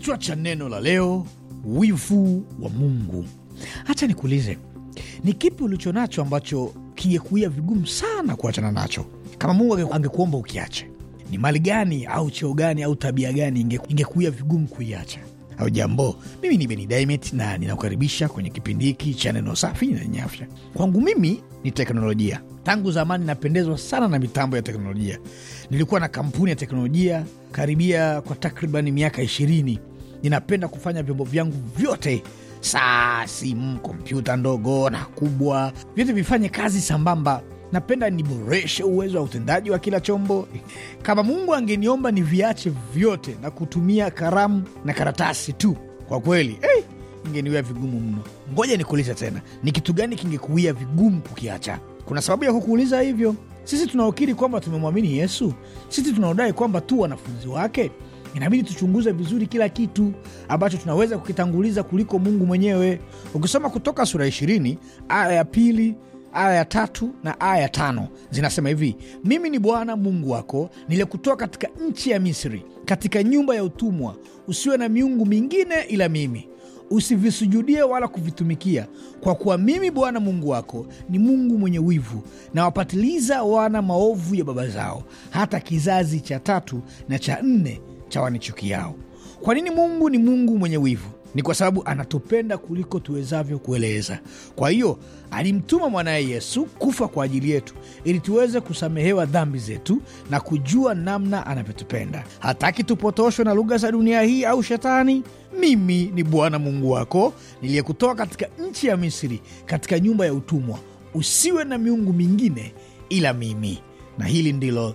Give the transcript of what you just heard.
Kichwa cha neno la leo, wivu wa Mungu. Hacha nikuulize, ni kipi ulicho nacho ambacho kingekuia vigumu sana kuachana nacho kama Mungu angekuomba ukiache? Ni mali gani au cheo gani au tabia gani ingekuia vigumu kuiacha? au jambo. Mimi ni Beni Dimet na ninakukaribisha kwenye kipindi hiki cha neno safi na lenye afya. Kwangu mimi ni teknolojia. Tangu zamani napendezwa sana na mitambo ya teknolojia. Nilikuwa na kampuni ya teknolojia karibia kwa takribani miaka ishirini ninapenda kufanya vyombo vyangu vyote saa, simu, kompyuta ndogo na kubwa, vyote vifanye kazi sambamba. Napenda niboreshe uwezo wa utendaji wa kila chombo. Kama Mungu angeniomba niviache vyote na kutumia karamu na karatasi tu, kwa kweli hey, eh, ingeniwia vigumu mno. Ngoja nikuulize tena, ni kitu gani kingekuwia vigumu kukiacha? Kuna sababu ya kukuuliza hivyo. Sisi tunaokiri kwamba tumemwamini Yesu, sisi tunaodai kwamba tu wanafunzi wake, inabidi tuchunguze vizuri kila kitu ambacho tunaweza kukitanguliza kuliko Mungu mwenyewe. Ukisoma Kutoka sura ishirini aya ya pili aya ya tatu na aya ya tano zinasema hivi: mimi ni Bwana Mungu wako niliyekutoa katika nchi ya Misri, katika nyumba ya utumwa. Usiwe na miungu mingine ila mimi, usivisujudie wala kuvitumikia, kwa kuwa mimi Bwana Mungu wako ni Mungu mwenye wivu, na wapatiliza wana maovu ya baba zao hata kizazi cha tatu na cha nne cha wanichukiao. Kwa nini Mungu ni Mungu mwenye wivu? Ni kwa sababu anatupenda kuliko tuwezavyo kueleza. Kwa hiyo alimtuma mwanaye Yesu kufa kwa ajili yetu, ili tuweze kusamehewa dhambi zetu na kujua namna anavyotupenda. Hataki tupotoshwe na lugha za dunia hii au Shetani. Mimi ni Bwana Mungu wako niliyekutoa katika nchi ya Misri, katika nyumba ya utumwa. Usiwe na miungu mingine ila mimi. Na hili ndilo